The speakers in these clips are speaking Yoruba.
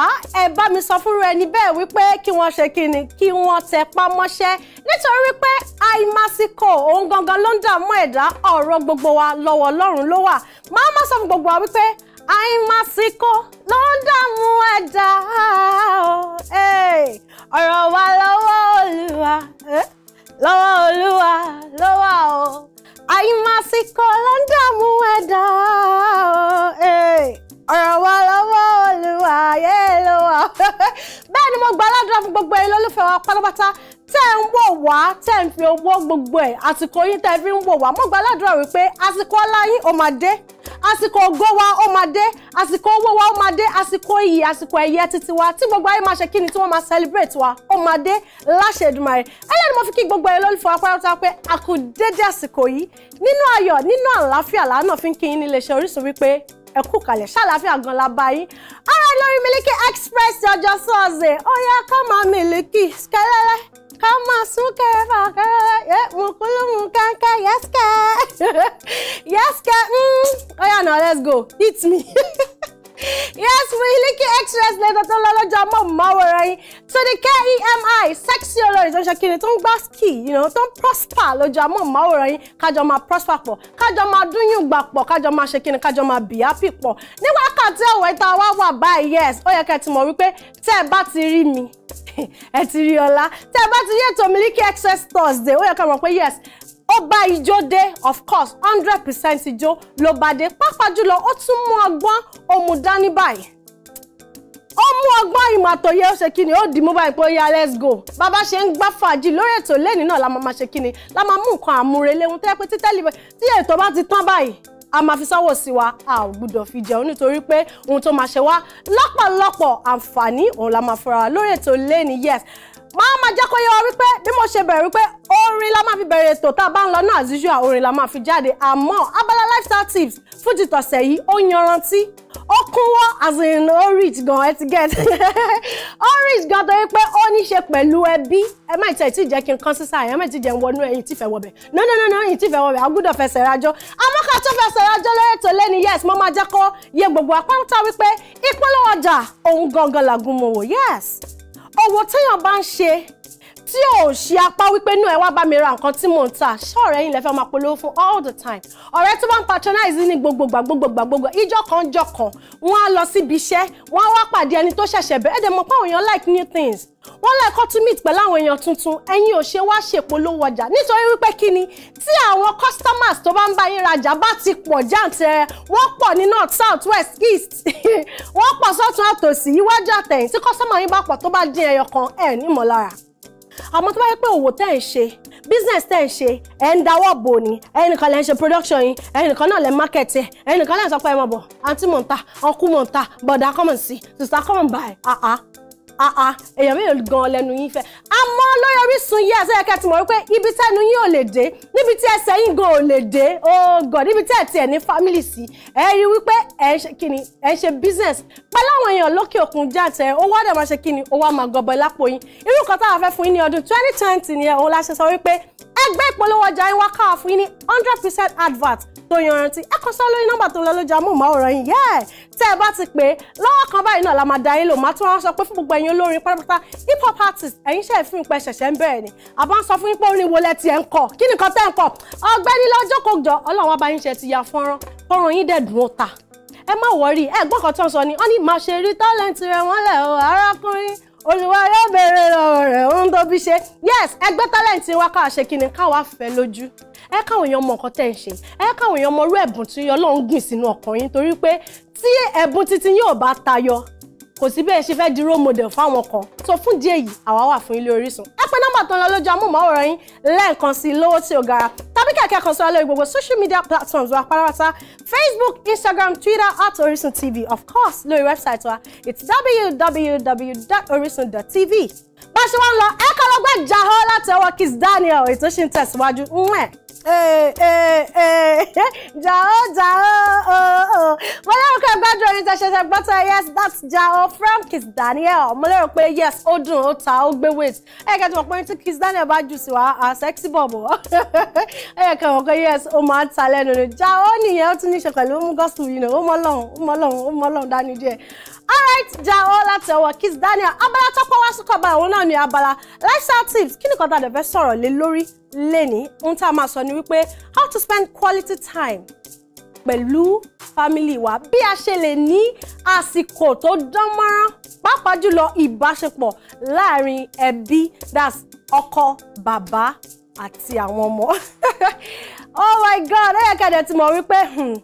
wá ẹ bá mi sọ fúnra ẹni bẹ́ẹ̀ wípé kí wọ́n ṣe kí ni kí wọ́n tẹpá mọ́ṣẹ́ nítorí wípé àìmásíkò òun gangan ló ń dààmú ẹ̀dá ọ̀rọ̀ gbogbo wa lọ́wọ́ Ọlọ́run ló wà máa má sọ fún gbogbo wa wípé àìmásíkò ló ń dààmú ẹ̀dá ọ̀rọ̀ wa lọ́wọ́ Olúwa eh? lọ́wọ́ Olúwa lọ́wọ́ o àìmásíkò ló ń dààmú ẹ̀dá o ọ̀rọ̀ wa lọ́wọ́ Olúwa yé ló wà. bẹ́ẹ̀ ni mo gba aládùúrà fún gbogbo ẹ̀yin lólùfẹ́ wa pátápátá tẹ́ ń wò wá tẹ́ ń fi owó gbogbo ẹ̀ àsìkò yín tẹ́ fi ń wò wá mo gba aládùúrà wípé àsìkò ọlá yín ó máa dé àsìkò ògo wa ó máa dé àsìkò owó wa ó máa dé àsìkò iyì àsìkò ẹ̀yẹ títí wa tí gbogbo ayé máa ṣe kíni tí wọ́n máa celebrate wa ó máa dé láṣẹ Èdùmàrè ẹlẹ́ni mo fi kí gbogbo ẹ̀yin lólùfẹ́ apáyọ́tà pé a kú àsìkò yìí nínú ayọ̀ nínú àlàáfíà làánà fi ń kí yín níléeṣẹ́ Orísun wípé ẹ kú kalẹ̀ ṣàlàáfíà gan la bá yín ara lórí Miliki Express ọjọ́ sọ́ọ̀sẹ̀ ó yẹ ká máa Miliki kẹlẹ́lẹ́ ká máa súnkẹ́ fàkẹ́rẹ́ yẹ mùkúlùmù kẹ́kẹ́ yẹ́sìkẹ́ yẹ́sìkẹ́ hmm. ó yá now let's go hit me yes Miliki Express lẹ́tọ̀ tó lọ lọ́jọ́ mọ́ mọ́wọ́rọ́ yín So the KEMI e sexy olórin tó ń ṣe kíni tó ń gbá ski you know, tó prosper lójú jamu yín kájọ máa prosper pọ̀ kájọ máa dúnyùn gbà pọ̀ kájọ máa ṣe kíni kájọ máa bì happy pọ̀ ní wákàtí ọ̀wẹ́ tá a wá wà báyìí yes ó yẹ kẹ́ ti mọ̀ wípé tẹ́ ẹ ti rí mi ẹ ti rí ọlá tẹ́ ẹ ti rí ètò Miliki excess Thursday ó yẹ kẹ́ mọ̀ pé yes ó bá ijó dé of course hundred percent ijó ló bá dé pàápàá jùlọ ó tún mú o ó mú dání mú ọgbọ́n ìmọ̀ àtòyẹ ó ṣe kí ni ó di mobile pé ó yá let's go bàbá ṣe ń gbá fàájì lórí ètò lẹ́ni náà la máa ma ṣe kí ni la máa mú nǹkan àmúrelé ohun tó yẹ pé títẹ́lì tí ètò bá ti tán báyìí a máa fi sọ́wọ́ sí wa a ò gbúdọ̀ fi jẹun nítorí pé ohun tó máa ṣe wá lọ́pọ̀lọpọ̀ àǹfààní òun la máa fura lórí ètò lẹ́ni yes máa máa jẹ́ kó yẹ wa wípé bí mo ṣe bẹ̀rẹ̀ wípé orin la máa fi bẹ̀rẹ̀ ètò tá a bá ń lọ náà as usual orin la máa fi jáde àmọ́ abala lifestyle tips fújì tọ̀sẹ̀ yìí ó yanrantí ó kúnwọ́ as in orange gan ẹ ti get orange gan torí pé ó ní ṣe pẹ̀lú ẹbí ẹ má ìtẹ̀ tí jẹ́ kí n kán sísá ẹ má ìtì jẹ́ n wọnú ẹ̀yìn tí fẹ́ wọbẹ̀ no no no no ẹ̀yìn tí fẹ́ wọbẹ̀ agúdọ̀ fẹsẹ̀ rajọ́ àmọ́ ká tó fẹsẹ̀ rajọ́ lórí ètò lẹ́ni yes mo máa jẹ́ kó yẹ gbogbo apáńtá wípé ìpolówó ọjà òun gangan làgùn mọ̀wọ̀ yes owó téèyàn bá ń ṣe tí ò ṣe apá wípé náà ẹ wá bá mi ra nǹkan tí mò ń tà ṣé ọ̀rẹ́ yín lẹ fẹ́ máa polówó fún all the time ọ̀rẹ́ tó bá ń patronize ní gbogbogbà gbogbogbà gbogbo ìjọ kan jọ kan wọ́n á lọ síbi iṣẹ́ wọ́n á wá pàdé ẹni tó ṣẹ̀ṣẹ̀ bẹ̀rẹ̀ ẹ̀dẹ̀ mọ̀ pé àwọn èèyàn like new things wọ́n lẹ́kọ́ to meet pẹ̀lú àwọn èèyàn tuntun ẹ̀yin ò ṣe wá ṣèpolówó ọjà nítorí wípé kí ni tí àwọn customers tó bá ń bá yín rajà bá ti pọ̀ jàǹtẹ̀rẹ̀ wọ́n pọ̀ ní north south west east wọ́n pọ̀ sọ́tún àtòsí iwájú àtẹ̀yìn tí customer yín bá pọ̀ tó bá dín ẹyọ kan ẹ̀ nímọ̀lára àmọ́ tó bá yẹ pé òwò tẹ́ ẹ̀ ṣe business tẹ́ ẹ̀ ṣe ẹ̀ ń dáwọ́ bò ní ẹnìkan lẹ́ ń ṣe production yín ẹnìkan náà lẹ́ ń market ẹ̀ ẹnìkan náà sọ pé ẹ mọ̀ bọ̀ àǹtí mò ń ta ọkú mò ń ta bọ̀dà kọ́mọ̀ sí sista kọ́mọ̀ báyìí Ah, ah. èèyàn mélòó gan lẹ́nu yín fẹ́ àmọ́ lórí Orísun yìí àṣẹ kẹtì mọ̀ wípé ibi tẹ́nu yín ò lè dé níbi tí ẹsẹ̀ yín gan ò lè dé oh god níbi tí ẹ̀ tiẹ̀ ní family sí ẹ rí wípé ẹ ń ṣe kíni ẹ ń ṣe business pẹ̀lú àwọn èèyàn lókè òkun jáde owó àdà máa ṣe kíni owó àmàgọ̀bọ̀ lápò yín irú kan táwọn fẹ́ fún yín ní ọdún twenty twenty ni ẹ̀ òun la ṣe sọ wípé ẹgbẹ́ ìpolówó ọjà yín wá káwá yín ní hundred percent advert tó yanrantí ẹ kàn sọ lórí nọ́mbà tó ń lọ lójú amóhùnmáwòrán yín yẹ́ẹ̀ tẹ́ ẹ bá ti pè é lọ́wọ́ kan báyìí náà la máa da yín lò máa tún wá sọ pé fún gbogbo ẹ̀yin olórin pátápátá hip hop artist ẹ̀yin ṣe ìfún ìpẹ́ ṣẹ̀ṣẹ̀ ń bẹ̀rẹ̀ ni àbá ń sọ fún yín pé orin wo lẹ tiẹ̀ ń kọ kí nìkan tẹ́ ń kọ ọgbẹ́ni lọ́jọ́ kọjọ ọlọ́run bá ṣe ti ya fọ́nrán fọ́nrán yín dẹ̀ dùn ó ta ẹ má wọrí ẹ gbọ́kàn tán sọ ni wọ́n ní màṣẹ́rí tálẹ́ǹtì rẹ̀ wọ́n lẹ̀ o arákùnrin olùwà yóò béèrè lọ́wọ́ rẹ̀ ohun tó bí ṣe yes ẹgbẹ́ tálẹ̀ǹtì wa káà ṣe kíni káwa fẹ́ lójú ẹ káwọn èèyàn mọ nǹkan tẹ̀ ń ṣe ẹ káwọn èèyàn mọ irú ẹ̀bùn tí Ọlọ́run gbìn sínú ọkàn yín torí pé tí ẹ̀bùn titi yín bá tayọ kò sí bẹ́ẹ̀ ṣe fẹ́ di role model fáwọn kan so fún díẹ̀ yìí àwa wà fún ilé Orísun ẹ pé nọ́mbà tó ń lọ lójú amóhùnmáwòrán yín lẹ́ẹ̀kan sí lówó tí ó gara tàbí kẹ̀kẹ́ kan sọ lórí gbogbo social media platforms wa pátápátá Facebook Instagram Twitter at Orisun TV of course lórí website wa it's www.orisun.tv bá a ṣe wá ń lọ ẹ kọ́ lọ́gbẹ́ jahọ́ láti ọwọ́ Kiss Daniel ètò ṣì ń tẹ̀síwájú ń wẹ̀. Eh, eh, eh. jao jao oh, oh. mo lérò pé gbádùn orin tẹ ṣẹ̀ṣẹ̀ gbọ́ tẹ yes that's jao from Kiss Daniel mo lérò pé yes ó dùn ó ta ó gbé weight ẹ kẹ́ tí mo pín Kiss Daniel bá jù sí wa sexy bọ̀bọ̀ ẹ kẹ́ wọ́n yes ó máa ń ta lẹ́nu ni jao nìyẹn ó tún ní ṣe pẹ̀lú mú gospel yìí nà ó mọ́ lọ́hùn ó mọ́ lọ́hùn ó mọ́ alright jao láti ọwọ́ Kiss Daniel abala tọ́pọ̀ wá sí kọba òun náà ni abala lifestyle tips kí nìkan tá a dẹ̀ fẹ́ sọ̀rọ̀ lé lórí lénìí ohun tá a máa sọ ni wípé how to spend quality time pẹ̀lú family wa bí a ṣe lè ní àsìkò tó dán mọ́rán pàápàá jùlọ ìbáṣepọ̀ láàrin ẹbí that's ọkọ bàbá àti àwọn ọmọ oh my god ó yẹ kẹ́dẹ̀ ti mọ̀ wípé hmm,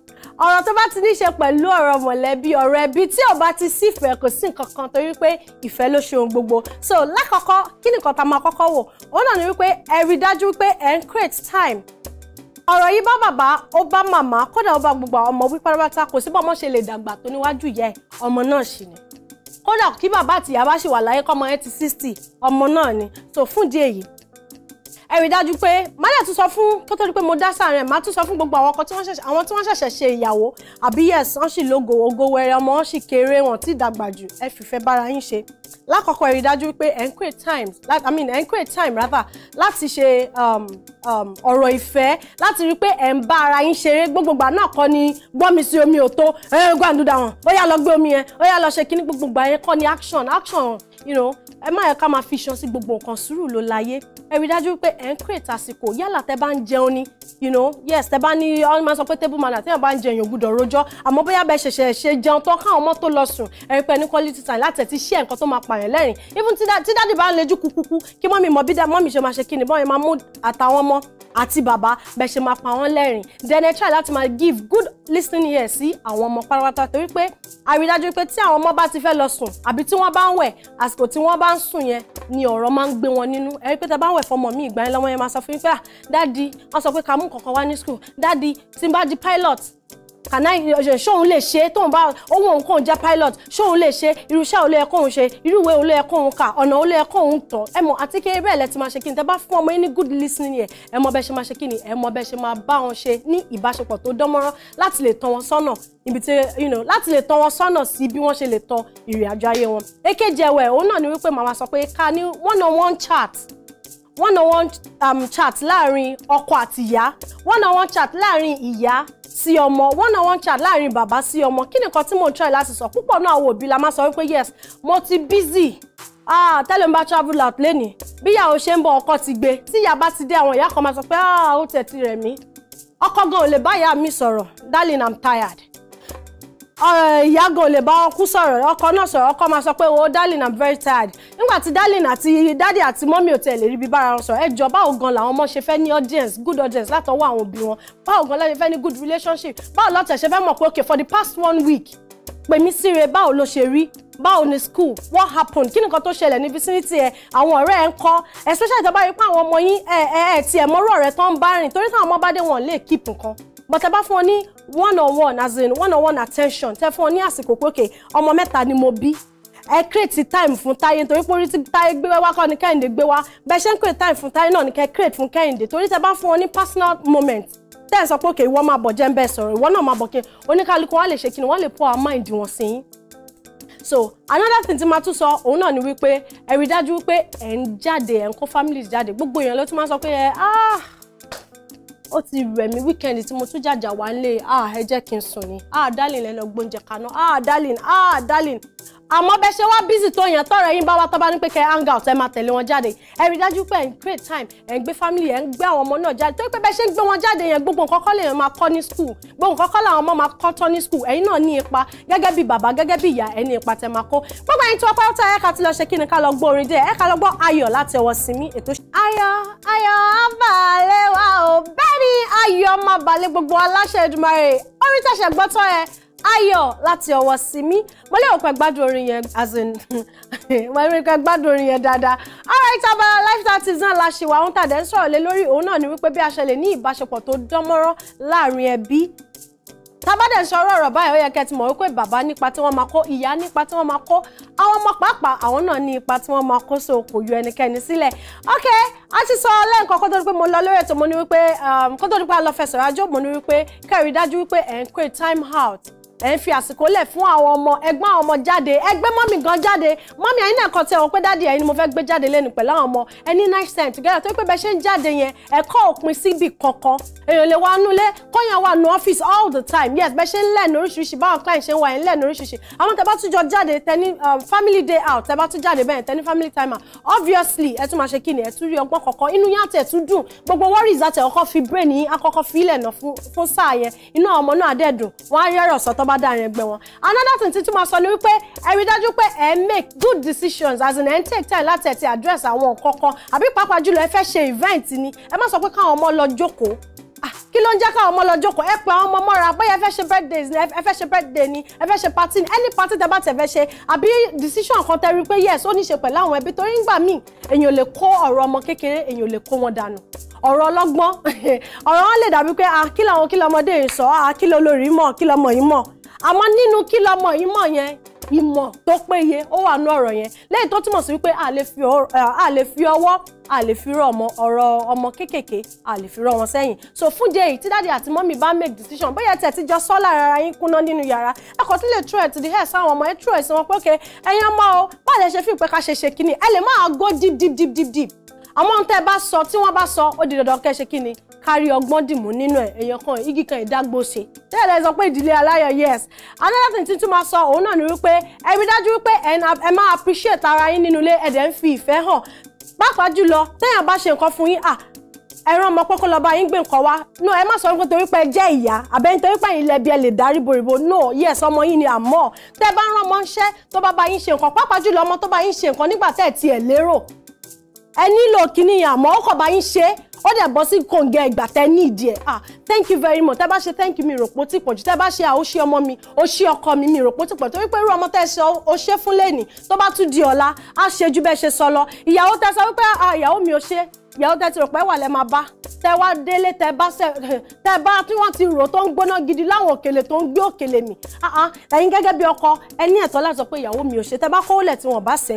ọ̀rọ̀ tó bá ti ní ṣe pẹ̀lú ọ̀rọ̀ mọ̀lẹ́bí ọ̀rọ̀ ẹbí tí ò bá ti sífẹ̀ẹ́ kò sí nǹkan kan torí pé ìfẹ́ ló ṣe ohun gbogbo so lákọ̀ọ́kọ́ kí nìkan tá máa kọ́kọ́ wò ó náà ní wípé ẹ rí dájú wípé ẹ ń create time ọ̀rọ̀ yìí bá bàbá ó bá màmá kódà ó bá gbogbo ọmọ wí pátápátá kò sí bọ́mọ ṣe lè dàgbà tó níwájú yẹ ọmọ náà ṣì ni kódà kí bàbá àtìyá bá ṣì wà láyé kọ́mọ ẹ ti sixty ọmọ náà ni so fún díẹ̀ yìí ẹ rí dájú pé má lè tún sọ fún kó tó di pé mo dá sáà rẹ̀ má tún sọ fún gbogbo àwọn ọkọ tí wọ́n ṣẹ̀ṣẹ̀ àwọn tí wọ́n ṣẹ̀ṣẹ̀ ṣe ìyàwó àbí yes wọ́n sì lógo ògo wẹrẹ ọmọ wọn sì kéré wọn ti dàgbà jù ẹ fìfẹ́ bára yín ṣe lákọ̀ọ́kọ́ rí dájú pé ẹ̀ ń create time i mean enquire time rather láti ṣe um, um, ọ̀rọ̀ ìfẹ́ láti rí pé ẹ̀ ń bá ara yín ṣeré gbogbogbà náà kọ́ ni gbọ́mi sí omi ò tó ẹ̀ ń gbàdúrà wọn ó yá lọ gbé omi yẹn ó yá lọ ṣe kíní gbogbogbà yẹn kọ́ ni action action you know ẹ má yẹ ká máa fi iṣan sí gbogbo nǹkan sùúrù ló láyé ẹ rí dájú pé ẹ ń create àsìkò yálà tẹ bá ń jẹun ni you know yes tẹ bá ní ọ máa sọ pé table manner tẹ́yàn bá ń jẹun yóò gbúdọ̀ rojọ́ àmọ́ bóyá bẹ ṣẹ̀ṣẹ̀ ṣe jẹun tán káwọn ọmọ tó lọ sùn ẹ rí pé ní quality time láti ẹ̀ ti ṣí ẹ̀ nǹkan tó máa máa pààyàn lẹ́rìn even tí dáàdì bá ń lejú kúkúkú kí mọ́mì mọ bí mọ́mì ṣe máa ṣe kí ni bọ́ọ̀ yẹn máa mú àtàwọn ọmọ àti bàbá bẹ́ẹ̀ ṣe máa pa wọ́n lẹ́rìn then ẹ try láti máa give good listening ear sí àwọn ọmọ pátápátá torí pé àrídájú pé tí àwọn ọmọ bá ti fẹ́ lọ sùn àbí tí wọ́n bá ń wẹ̀ àsìkò tí wọ́n bá ń sùn yẹn ni ọ̀rọ̀ máa ń gbé wọn nínú ẹ pé tá ń wẹ̀ fọmọ mi ìgbà yẹn lọ́mọ yẹn máa sọ fún yín pé ah wọ́n sọ pé ká mú wá ní school dáàdi tí n bá di pilot kàná ìṣe ṣóun lè ṣe tóun bá owó òun kóun jẹ́ pilot ṣóun lè ṣe irú iṣẹ́ olóyè kóun ṣe irú ìwé olóyè kóun kà ọ̀nà olóyè kóun tọ̀ ẹ mọ̀ àti kí bẹ́ẹ̀ lẹ ti máa ṣe kí ni tẹ bá fún ọmọ yín ní good listening yẹn ẹ mọ̀ bẹ́ẹ̀ ṣe máa ṣe kí ni ẹ mọ̀ bẹ́ẹ̀ ṣe máa bá wọn ṣe ní ìbáṣepọ̀ tó dánmọ́rán láti lè tọ́ wọn sọ́nà ibi tí you know láti lè tọ́ wọn sọ́nà sí bí wọ́n ṣe lè tọ́ ìrìn àjò ayé wọn èkejì ẹ̀wẹ̀ òun náà ni wípé màmá sọ pé ká ní one on one chat one on one chat láàrin ọkọ àti ìyá one on one chat láàrin ìyá sí ọmọ one on one chat láàrin bàbá sí ọmọ kí nìkan tí mo ń try láti sọ púpọ̀ náà àwọn òbí la máa sọ wípé yes mo ti busy ah tẹ́lẹ̀ ń bá travel out lẹ́nìí bí ìyàwó ṣe ń bọ̀ ọkọ ti gbé tí ìyá bá ti dé àwọn ìyá kan máa sọ pé ah ó tẹ̀ ti rẹ̀ mí ọkọ gan ò lè bá ìyá mi sọ̀rọ̀ darling i'm tired Eh, ìyáàgò lè bá ọkú sọ̀rọ̀ ọkọ náà sọ̀rọ̀ ọkọ máa sọ pé o oh, darling i'm very tired nígbà tí darling àti dádì àti mọ́mí ò tẹ̀lé ríbi bára wọn sọ̀rọ̀ ẹjọ́ báwo gan làwọn ọmọ ṣe fẹ́ ní audience good audience látọwọ́ àwọn òbí wọn báwo gan lẹ́yìn fẹ́ ní good relationship báwo lọ́tẹ̀ ṣe fẹ́ mọ̀ pé okay for the past one week pèmí síre báwo ló ṣe rí báwo ni school what happened kí nìkan tó ṣẹlẹ̀ ní vicinity ẹ àwọn ọ̀rẹ́ ẹ ń kọ́ especially tó bá rí pé àwọn ọmọ yín ẹ ẹ ẹ tiẹ̀ mọ́rú ọ̀rẹ́ tó ń bá rìn torí táwọn ọmọ bá dé wọn lè keep nǹkan but ẹ bá fún ọ ní one on one as in one on one attention tẹ fún ọ ní àsìkò pé ọmọ mẹ́ta ni mo bí ẹ create time fún táyé nítorí pé orí tí táyé gbé wá kọ́ ni kẹ́hìndé gbé wá bẹ́ẹ̀ ṣe ń create time fún táyé náà ni kẹ́ create fún kẹ́hìndé torí tẹ bá fún ọ ní personal moment tẹ́ ẹ̀ sọ pé òkè ìwọ máa bọ̀ jẹ́ ń bẹ́ẹ̀ sọ̀rọ̀ ìwọ náà máa bọ̀ kí oníkálukú wọn lè ṣe kí ni lè pour our mind wọn sí yín. so another thing tí máa tún sọ òun náà ni wípé ẹ rí dájú wípé ẹ̀ ń jáde ẹ̀ ń kó families jáde gbogbo èèyàn ló tún máa sọ pé ah ó ti rẹ̀ mí wíkẹ́ndì tí mo tún jàjà wá ń lé ah ẹ jẹ́ kí n sùn ni ah darling ẹ lọ gbóúnjẹ kaná ah darling ah darling àmọ́ bẹ́ ṣe wá bísí tó yàn tọ̀rọ̀ yín bá wá tọ́ bá ní pé kẹ́ hang out ẹ máa tẹ̀lé wọn jáde ẹ rí dájú pé ẹ̀ ń create time ẹ̀ ń gbé family ẹ̀ ń gbé àwọn ọmọ náà jáde tó pé bẹ́ ṣe ń gbé wọn jáde yẹn gbogbo nǹkan kọ́ lè máa kọ́ ní school gbogbo nǹkan kọ́ làwọn ọmọ máa kọ́ tọ́ ní school ẹ̀yin náà ní ipa gẹ́gẹ́ bí bàbá gẹ́gẹ́ bí ìyá ẹ̀ ní ipa tẹ máa kó gbogbo ẹ̀yin tí wọ́n pátá ẹ ká ti lọ ṣe kí ni ká lọ gbọ́ orin dé ẹ ká lọ gbọ́ ayọ̀ láti ọwọ́ Simi ètò. ayọ̀ ayọ̀ abalẹ̀ wa ò bẹ́ẹ̀ ni ayọ̀ máa balẹ̀ gbogbo aláṣẹ Èdùmàrè orin tẹ̀sẹ̀ gbọ́tọ̀ ẹ ayọ̀ láti ọwọ́ Simi mo lérò pé gbádùn orin yẹn as in mo lérò pé gbádùn orin yẹn dáadáa alright abala lifestyle tips náà la ṣe wà ohun tàdé ń sọ̀rọ̀ lé lórí òun náà ni wípé bí a ṣe lè ní ìbáṣepọ̀ tó dán mọ́rán láàrin ẹbí tábàdẹ̀ sọ̀rọ̀ ọ̀rọ̀ báyìí ó yẹ kẹ́ ti mọ̀ wípé bàbá nípa tí wọ́n máa kó ìyá nípa tí wọ́n máa kó àwọn ọmọ pàápàá àwọn náà ní ipa tí wọ́n máa kó so kò yọ ẹnikẹ́ni sílẹ̀ ok a ti sọ lẹ́ǹkan kó tó di pé mo lọ lórí ètò mo ní wípé um, kó tó di pé a lọ fẹsẹ̀ rájò mo ní wípé kẹ́rì dájú wípé ẹ̀ ń pè time out ẹ ń fi àsìkò lẹ̀ fún àwọn ọmọ ẹgbọ́n àwọn ọmọ jáde ẹgbẹ́ mọ́mì gan jáde mọ́mì ẹ̀yin náà kàn tẹ ọ pé dáàdi ẹ̀yin ni mo fẹ́ gbé jáde lẹ́nu pẹ̀lú àwọn ọmọ ẹni nice time together tó pé bẹ́ẹ̀ ṣe ń jáde yẹn ẹ̀kọ́ òpin síbi kankan èèyàn lè wà nulẹ̀ kọ́yàn wà nù ọ́fíìsì all the time yes bẹ́ẹ̀ ṣe ń lẹ́nu oríṣiríṣi báwọn client ṣe ń wà yẹn lẹ́nu oríṣiríṣi àwọn tẹ bá tún jọ jáde tẹni um, family day out tẹ bá tún jáde bẹ́ẹ̀ tẹni family timer obviously ẹ tún máa ṣe kí ni ẹ tún rí ọgbọ́n kọ̀ọ̀kan inú yín àtẹ̀ tún dùn gbogbo worries àtẹ̀ ọkọ̀ fi brain yín akọ́kọ́ fi ilẹ̀ nà fún sáà yẹn inú àwọn ọmọ náà dẹ̀ dùn wọ́n á rẹ́rọ̀ sọ́tọ́ bá dá yẹn wọn another thing títí máa sọ ni wípé ẹ dájú pé ẹ make good decisions as in ẹ ń take time láti ẹ ti address àwọn nǹkan kan àbí pàápàá jùlọ ẹ fẹ́ ṣe event ni ẹ má sọ pé káwọn ọmọ lọ jókòó ah, kí ló ń jẹ́ káwọn ọmọ lọ jókòó ẹ pé àwọn ọmọ mọ́ra bóyá ẹ fẹ́ ṣe birthdays ni ẹ fẹ́ ṣe birthday ni ẹ fẹ́ ṣe party ni any party tẹ bá tẹ fẹ́ ṣe àbí decision kan tẹ rí i pé yes ó ní ṣe pẹ̀lú àwọn ẹbí torí ńgbà míì èèyàn lè kó ọ̀rọ̀ ọmọ kékeré èèyàn lè kó wọn dànù ọ̀rọ̀ ọlọ́gbọ́n ọ̀rọ̀ wọn lè dàbí pé ah kí làwọn kí lọmọdé yìí sọ ah kí lolórí mọ̀ kí lọmọ yìí mọ̀ àmọ́ nínú kí lọmọ yìí mọ̀ yẹn ìmọ̀ tó péye ó wà nú ọ̀rọ̀ yẹn lẹ́yìn tó túmọ̀ sí wípé a lè fi ọwọ́ a lè fi rọ ọ̀rọ̀ ọmọ kéékèèké a lè fi rọ wọn sẹ́yìn so fún jẹ́ èyí tí dáàdi àti mọ́mì bá make decision bóyá tẹ̀ ti jọ sọ́lá ara yín kúná nínú yàrá ẹ kò tí lè true ẹ̀ to the hair sáwọn ọmọ ẹ true ẹ̀ sí wọn pé ok ẹ̀yin ọmọ o báyìí ṣe fi ìpẹ́ka ṣe ṣe kínní ẹ lè máa go deep deep deep deep deep àmọ́ ohun tẹ́ ẹ bá sọ tí wọ́n bá sọ ó di dandan kẹ́ ṣe kí ni kárí ọgbọ́n dìmú nínú ẹ̀ èèyàn kan igi kan ìdágbò ṣe tẹ́lẹ̀ sọ pé ìdílé aláyọ̀ yes another thing tuntun máa sọ òun náà ni wípé ẹ rí dájú wípé ẹ máa appreciate ara yín nínú ilé ẹ dẹ̀ ń fi ìfẹ́ hàn pàápàá jùlọ téèyàn bá ṣe nǹkan fún yín à ẹran ọmọ pọ́kọ́ lọ́ba yín gbé nǹkan wá no ẹ má sọ wípé torí pé ẹ jẹ́ ìyá àbẹ́ nítorí pé ẹ̀yin lẹ́bi ẹ lè darí bòrìbò no yes ọmọ yín ni àmọ́ tẹ́ bá ń rán ọmọ ń tó bá bá yín ṣe nǹkan pàápàá jùlọ ọmọ tó bá yín ṣe nǹkan nígbà tẹ́ ẹ̀ tiẹ̀ lérò ẹ nílò kíní yẹn àmọ́ ọkọ̀ bá yín ṣe ó dẹ̀ bọ́ sí kòǹgẹ́ ìgbà tẹ́ ní ìdí ẹ̀ ah thank you very much tẹ́ bá ṣe thank you mi rò pó tí pọ̀jù tẹ́ bá ṣe àóṣe ọmọ mi òṣì ọkọ mi mi rò pó tí pọ̀jù torí pé irú ọmọ tẹ́ ṣe ó ṣe fún lẹ́nì tó bá tún di ọ̀la á ṣe ju bẹ́ẹ̀ ṣe sọ lọ ìyàwó tẹ́ sọ wípé ah ìyàwó mi ò ṣe ìyàwó tẹ́ ti rò pé wà lẹ́ máa bá tẹ́ wá délé tẹ́ bá ṣe tẹ́ bá tí wọ́n ti rò tó ń gbóná gidi láwọn òkèlè tó ń gbé òkèlè mi ah, ah, ẹ̀yin gẹ́gẹ́ bí ọkọ ẹ ní ẹ̀tọ́ láti sọ pé ìyàwó mi ò ṣe tẹ́ bá kówó lẹ̀ tí wọ́n bá ṣe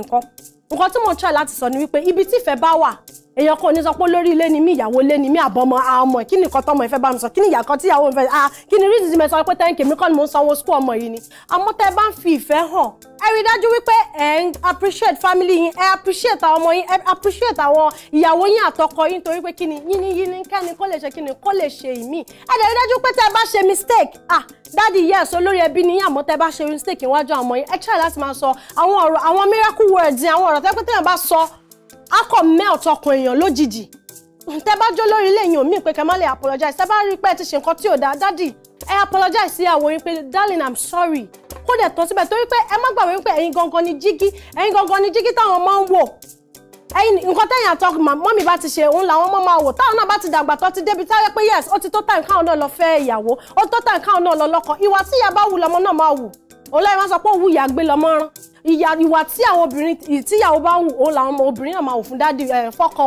nǹkan tí mo ń try láti sọ ni wípé ibi tí ìfẹ́ bá wà èèyàn kan ò ní sọ pé lórí ilé ni mí ìyàwó ilé ni mí àbọ̀mọ ọmọ ẹ̀ kí ni nǹkan tọmọ ẹ̀ fẹ́ bá mi sọ kí ni ìyà kan tí ìyàwó mi fẹ́ ah kí ni reason mi sọ pé thank you mi kọ́ ni mo ń sanwó school ọmọ yìí ni àmọ́ tẹ́ ẹ bá ń fi ìfẹ́ hàn ẹ rí i dájú wípé ẹ ń appreciate family yín ẹ appreciate àwọn ọmọ yín ẹ appreciate àwọn ìyàwó yín àtọkọ yín torí pé kí ni yín ni yín ni kẹ́ni kó lè ṣe kí ni kó lè ṣe ìmí ẹ dẹ̀ rí i dájú pé tẹ́ ẹ bá ṣe mistake ah dáàdi yes olórí ẹbí ni àmọ́ tẹ́ bá ṣe mistake níwájú àwọn ọmọ yẹn ẹ try láti máa sọ àwọn ọ̀rọ̀ àwọn miracle words yẹn àwọn ọ̀rọ̀ tẹ́ pé tẹ́yàn bá sọ akọ melt ọkàn èèyàn lójijì tẹ́ bá jó lórí ilé yẹn ò mí pé kẹ́ má lè apologize tẹ́ bá rí pé ẹ ti ṣe nǹkan tí ò dáa dáàdi ẹ apologize sí àwọn yín pé darling i'm sorry kó dẹ̀ tán síbẹ̀ torí pé ẹ má gbàgbé pé ẹ̀yin gangan ni jígí ẹ̀yin gangan ni jígí táwọn ọmọ ń wò ẹyin nǹkan tẹ̀yìn àtọ́ mọ́mì bá ti ṣe òun làwọn ọmọ máa wò táwọn náà bá ti dàgbà tó ti débi táwọn pé yes ó ti tó tàn káwọn náà lọ fẹ́ ìyàwó ó tó tàn káwọn náà lọ lọ́kọ ìwà tí ìyá bá wù lọ́mọ náà máa wù òun láyé máa sọ pé òwú ìyá gbé lọ́mọ rán ìwà tí àwọn obìnrin tíyàwó bá wù òun làwọn obìnrin náà máa wù fún dáàdì ẹ fọ́kọ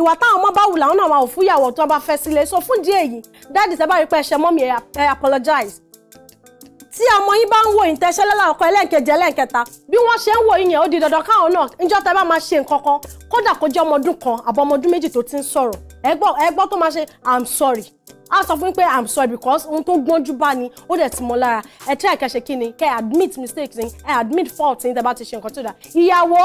ìwà táwọn ọmọ bá wù làwọn náà máa wù fún ìyàwó tí wọ́n bá fẹ́ sílé so fún díẹ̀ yìí dáàdì tẹ́ rí pé ẹ ṣe mọ́mì ẹ apologize tí ọmọ yín bá ń wo ìtẹ́sẹ́lẹ́ láàkọ́ ẹlẹ́ẹ̀kejì ẹlẹ́ẹ̀kẹta bí wọ́n ṣe ń wo yín yẹn ó di dandan káwọn náà níjọ́ tá a bá máa ṣe nǹkan kan kódà kó jẹ́ ọmọ ọdún kan àbọ̀ ọmọ ọdún méjì tó ti ń sọ̀rọ̀ ẹgbọ́ ẹgbọ́ tó máa ṣe i'm sorry a sọ fún pé i'm sorry because ohun tó gbọ́njú bá ni ó dẹ̀ ti mọ́ lára ẹ tí àìkẹ́ ṣe kí ni kẹ́ admit mistakes yín ẹ admit fault yín tẹ́ bá ti ṣe nǹkan tó dà ìyàwó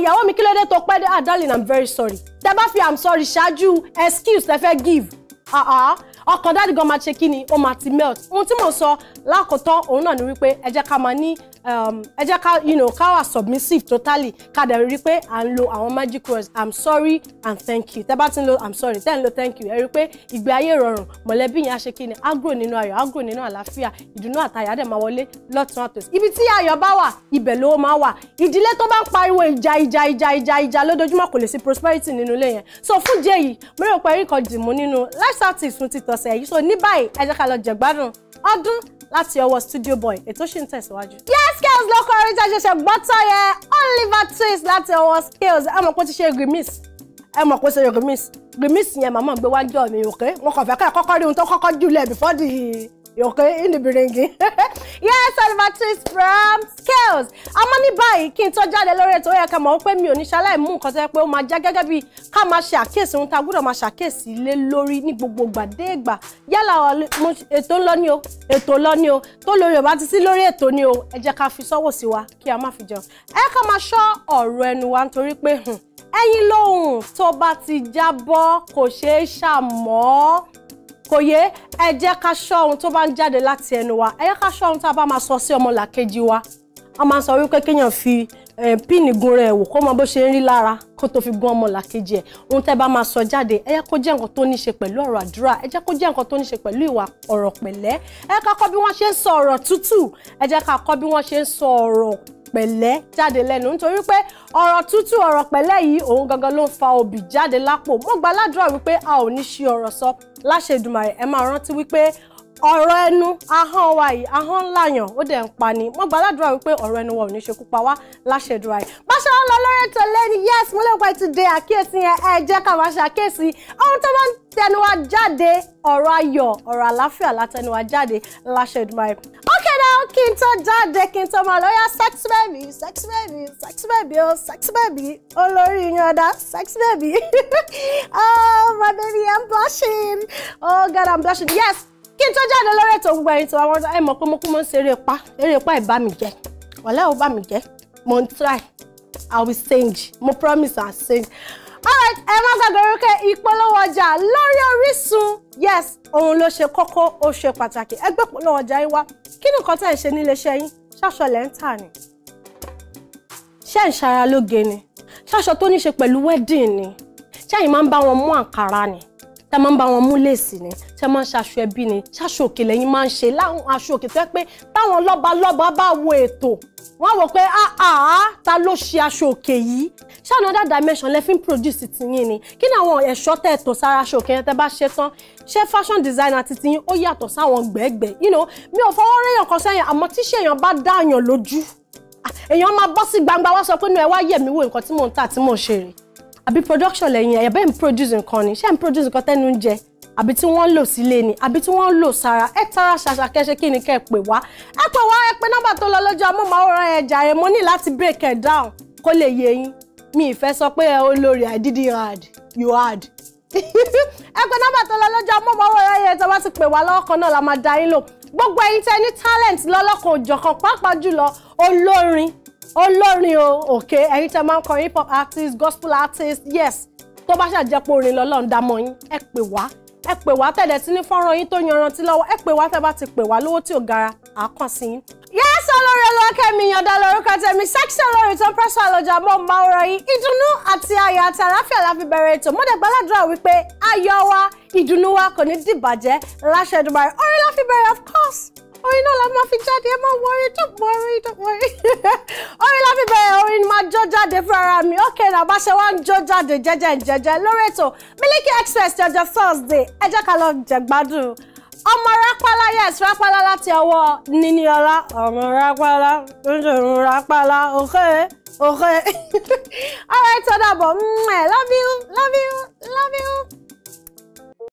ìyàwó mi kí ló dé tó pẹ́ dé ah darling i'm very sorry tẹ́ bá fi i'm sorry ṣáájú excuse tẹ́ fẹ́ give ah ah ọkàn dáàdì gan máa ṣe kí ni ó máa ti melt ohun tí mo sọ lákòótán òun náà ni wípé ẹ jẹ́ ká máa ní um, ẹ jẹ́ ká you know ká wà submissive totally ká dẹ̀ rí pé à ń lo àwọn magic words i'm sorry and thank you tẹ́ bá ti ń lo i'm sorry tẹ́ ń lo thank you ẹ rí pé ìgbé ayé rọrùn mọ̀lẹ́bí yẹn á ṣe kí ni á grow nínú ayọ̀ á grow nínú àlàáfíà ìdùnnú àtayọ̀ á dẹ̀ máa wọlé lọ́tún àtòsí ibi tí ayọ̀ bá wà ibẹ̀ lówó máa wà ìdílé tó bá ń pariwo ìjà ìjà ìjà ìjà ìjà lójoojúmọ́ kò lè sí prosperity nínú ilé yẹn so fún jẹ́ yìí mo rò pé ẹ̀rí kan dìmú nínú ọ̀sẹ̀ yìí so ní báyìí ẹ jẹ́ ká lọ jẹ̀gbádùn ọdún láti ọwọ́ studio boy ètò ṣì ń tẹ̀síwájú. yes scales ló kọ orin tí a ṣẹ̀ṣẹ̀ gbọ́ tọ́ yẹ Oliver Twist láti ọwọ́ scales ẹ mọ̀ kó ti ṣe grimis ẹ mọ̀ kó ti ṣe grimis grimis yẹn màmá gbé wájú mi òkè wọn kàn fẹ́ ká kọ́kọ́ rí ohun tó kọ́kọ́ jùlẹ̀ before the okay in the building yes Albertise from Skills. àmọ́ ní báyìí kí n tó jáde lórí ètò ó yẹ ká mọ̀ pé mi ò ní ṣaláì mú nǹkan tó yẹ pé ó máa jẹ́ gẹ́gẹ́ bí ká máa ṣe àkíyèsí ohun tá a gbọ́dọ̀ máa ṣàkíyèsí lé lórí ní gbogbo gbàdégbà yálà ètò ńlọ ni o ètò ńlọ ni o tó lórí ọba ti sí lórí ètò ni o ẹ jẹ́ ká fi sọ́wọ́ sí wa kí a má fi jẹun ẹ ká máa ṣọ́ ọ̀rọ̀ ẹnu wa nítorí pé hmm, ẹyin lóhùn tó bá ti jábọ́ kò ṣeé ṣàmọ́ kò yé ẹ jẹ́ ká ṣọ́ ohun tó bá ń jáde láti ẹnu wa ẹ jẹ́ ká ṣọ́ ohun tá bá máa sọ sí ọmọlàkejì wa wọ́n máa sọ wípé kéèyàn fi píìnì gun rẹ̀ wò kó mọ bó ṣe ń rí lára kó tó fi gun ọmọlàkejì ẹ̀ ohun tẹ́ bá máa sọ jáde ẹ jẹ́ kó jẹ́ nǹkan tó ní ṣe pẹ̀lú ọ̀rọ̀ àdúrà ẹ jẹ́ kó jẹ́ nǹkan tó ní ṣe pẹ̀lú ìwà ọ̀rọ̀ pẹ̀lẹ́ ẹ jẹ́ ká kọ́ bí wọ́n ṣe ń sọ ọ̀rọ̀ tútù ẹ jẹ́ ká kọ́ bí wọ́n ṣe ń sọ ọ̀rọ̀ pẹ̀lẹ́ jáde lẹ́nu nítorí pé ọ̀rọ̀ tútù ọ̀rọ̀ pẹ̀lẹ́ yìí òun gangan ló ń fa obì jáde lápò mo wípé a ò ní ṣi ọ̀rọ̀ sọ láṣẹ Èdùmàrè ẹ máa rántí wípé ọ̀rọ̀ ẹnu ahọ́n wa yìí ahọ́n ńlá yàn ó dẹ̀ ń pa ni mo bá aládùúrà wípé ọ̀rọ̀ ẹnu wa ò ní ṣe kú pa wá láṣẹ̀dùrà yìí. báṣọ lọ lórí ètò lẹ́ni yes mo lẹ́nu pa ètò de àkíyèsí yẹn ẹ jẹ́ ká máa ṣe àkíyèsí ohun tó máa ń tẹnu wa jáde ọ̀rọ̀ ayọ̀ ọ̀rọ̀ àlàáfíà látẹnu wa jáde láṣẹ̀dùrà yìí. ok now kí n tó jáde kí n tó máa lọ yá sex baby sex baby sex baby oh sex baby olórí yan ọ̀dà sex baby oh my baby i'm blushing oh god i'm blushing yes kí n tó jáde lórí ètò gbogbo ẹ̀yin tí wọ́n ẹ mọ̀ pé mo kú mo ń ṣe eré pa eré pa ìbá mi jẹ́ wàlẹ́ ò bá mi jẹ́ mo ń try i will sing mo promise i sing alright ẹ má gbàgbé orúkẹ ìpolówó ọjà lórí Orísun yes òun ló ṣe kókó ó ṣe pàtàkì ẹ gbé ìpolówó ọjà yín wá kí ni nǹkan tẹ̀ ń ṣe níléeṣẹ́ yín ṣáṣọ lẹ́ ń tà ni ṣé ń ṣara lóge ni ṣáṣọ tó ní tá máa ń bá wọn mú lèsì ni tẹ́ máa ń ṣaṣọ ẹbí ni ṣaṣọ òkè lẹ́yìn máa ń ṣe láwọn aṣọ òkè tó yẹ pé táwọn lọ́balọ́ba bá wo ètò wọ́n á wò pé àá ta ló ṣe aṣọ òkè yìí ṣé another dimension lẹ fi ń produce tiyín ni kí ni àwọn ẹ̀ṣọ́ tẹ̀ tó sára aṣọ òkè yẹn tẹ́ bá ṣe tán ṣé fashion designer ti tiyín ó yàtọ̀ sáwọn gbẹ̀gbẹ̀ you know mi ò fọwọ́ réyàn kan sẹ́yìn àmọ́ tíṣe èèyàn bá dáàyàn lójú èèyàn máa bọ́ sí gbangba wá sọ pé nù ẹ wá yẹ̀ mí wo nǹkan tí mò ń tà tí mò ń ṣe rèé àbí production lẹ́yìn ẹ̀yà bẹ́ẹ̀ ń produce nǹkan ni ṣé ń produce nǹkan tẹ́nu ń jẹ àbí tí wọ́n ń lò sílé ni àbí tí wọ́n ń lò sára ẹ tara ṣàṣà kẹṣe kí ni kẹ́ ẹ pè wá ẹ pè wá ẹ pé nọ́mbà tó lọ lọ́jọ́ amóhùnmáwòrán ẹ jàre mo ní láti break ẹ down kó lè yé yín mi ìfẹ́ sọ pé ẹ olórí I did hard you hard ẹ pé nọ́mbà tó lọ lọ́jọ́ amóhùnmáwòrán ẹ tó bá ti pè wá lọ́wọ́ kan náà la máa da yín lò gbogbo ẹ̀yin tẹ́ ní talent lọ́lọ́kan òjọ̀kan pàápàá jùlọ olórin olórin o òkè ẹ̀yin tẹ́ máa ń kọ hip hop artist gospel artist yes tó bá ṣàjẹpọ̀ orin lọ́lọ́run dámọ̀ yín ẹ pè wá ẹ pè wá tẹ̀lẹ̀ tí ní fọ́nrán yín tó yanrantí lọ́wọ́ ẹ pè wá tẹ́ bá ti pè wá lówó tí ò gara àákàn sí yín. yẹ́sì olórí olókèmí yọ̀dá lórúkọ tèmi section lórí tó pẹ́sọ́ àlọ́jà mọ́ máa ń rọyìn ìdùnnú àti ayọ̀ àti àlàáfíà la fi bẹ̀rẹ̀ ètò mọ́dẹ̀ gbàládùra wípé ayọ̀ wa ìdùnnú wa kò ní dìbàjẹ́ láṣẹ Dubai orin la fi bẹ̀rẹ̀ of course. Oh, you know love my jáde ẹ má worry don't worry don't worry orin la fi bẹ̀rẹ̀ orin ni máa jó jáde fúnra mi okay now bá ṣe wá ń jó Georgia. jẹ́jẹ́ jẹ́jẹ́ Miliki Express Georgia Thursday ẹ jẹ́ ká lọ jẹ̀gbádùn ọmọ rápálá yes rapala láti ọwọ́ Niniola ọmọ rápálá ńṣòro rápálá okay okay all right ọ̀dà bọ̀ love you love you love you.